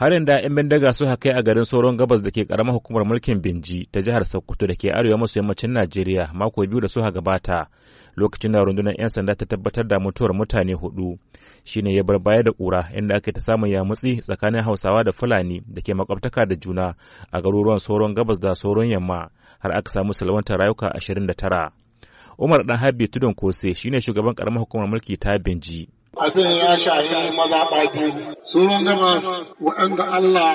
Har da 'yan bindiga su haka a garin sauran gabas da ke karamar hukumar mulkin binji ta jihar sokoto da ke arewa maso yammacin najeriya mako biyu da suka gabata lokacin da rundunar 'yan sanda ta tabbatar da mutuwar mutane hudu shine ya bar baya da kura inda ake ta samun yamutsi tsakanin hausawa da fulani da ke makwabtaka da juna a garuruwan sauran gabas da sauran yamma har aka samu salwantar rayuka ashirin da tara umar dan habi tudun kose shine shugaban karamar hukumar mulki ta binji abin ya shahi mazaɓa biyu. Surun gabas waɗanda Allah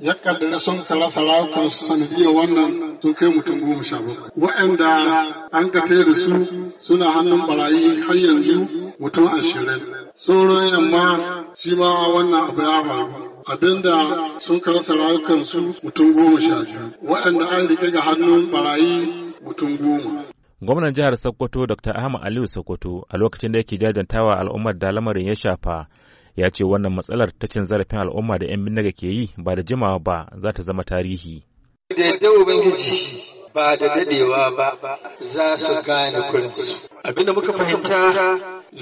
ya kaddari sun kala sarakun sanadiyar wannan sun kai mutum goma sha bakwai. Waɗanda an ka da su suna hannun barayi har yanzu mutum ashirin. Surun yamma shi ma wannan abu ya faru. Abinda sun kala sarakun su mutum goma sha biyu. Waɗanda an rike ga hannun barayi mutum goma. Gwamnan jihar Sokoto Dr. Ahmad Aliyu Sokoto a lokacin da yake jajantawa al'ummar da lamarin ya shafa ya ce wannan matsalar ta cin zarafin al'umma da 'yan bindiga ke yi ba da jimawa ba za ta zama tarihi. Da Ubangiji ba da dadewa ba za su gane kurinsu. Abinda muka fahimta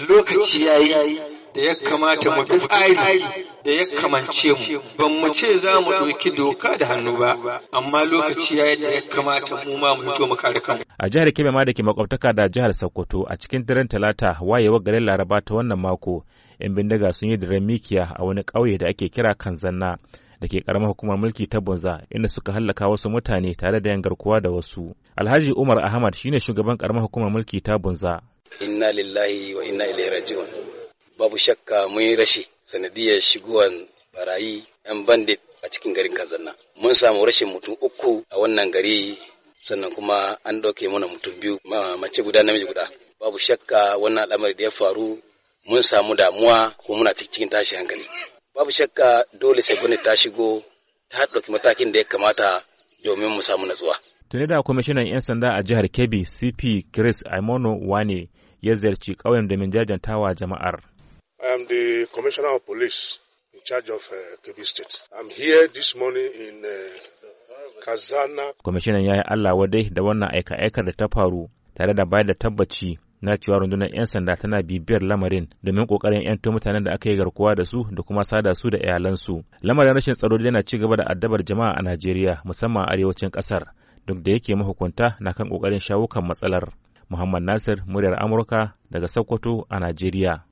lokaci ya yi. da ya kamata mu tsari da ya kamance mu ban mu ce za mu ɗauki doka da hannu ba amma lokaci ya da ya kamata mu ma mu fito mu kare kanmu a jihar Kebbi ma da ke makwabtaka da jihar Sokoto a cikin daren Talata wayewar garin Laraba ta wannan mako yan bindiga sun yi daren mikiya a wani ƙauye da ake kira Kanzanna da ke ƙaramar hukumar mulki ta Bunza inda suka hallaka wasu mutane tare da yan garkuwa da wasu. Alhaji Umar Ahmad shine shugaban karamar hukumar mulki ta Bunza. Inna lillahi wa inna ilaihi raji'un. babu shakka mun yi rashi sanadiyar shigowar barayi 'yan bandit a cikin garin Kazanna. Mun samu rashin mutum uku a wannan gari sannan kuma an ɗauke mana mutum biyu mace guda namiji guda. Babu shakka wannan al'amari da ya faru mun samu damuwa ko muna cikin tashi hankali. Babu shakka dole sai gwamnati ta shigo ta ɗauki matakin da ya kamata domin mu samu natsuwa. Tuni da kwamishinan 'yan sanda a jihar Kebbi CP Chris Aimono Wane ya ziyarci ƙauyen domin jajantawa jama'ar. I am the Commissioner of Police in charge of uh, Kebbi State. I'm here this morning in uh, Kazana. Kwamishinan ya yi Allah wadai da wannan aika-aikar da ta faru tare da bayar da tabbaci na cewa rundunar 'yan sanda tana bibiyar lamarin domin kokarin to mutanen da aka yi garkuwa da su da kuma sada su da iyalansu. Lamarin rashin tsaro yana ci gaba da addabar jama'a a Najeriya musamman a arewacin kasar duk da yake mahukunta na kan kokarin shawo kan matsalar. Muhammad Nasir, muryar Amurka daga Sokoto a Najeriya.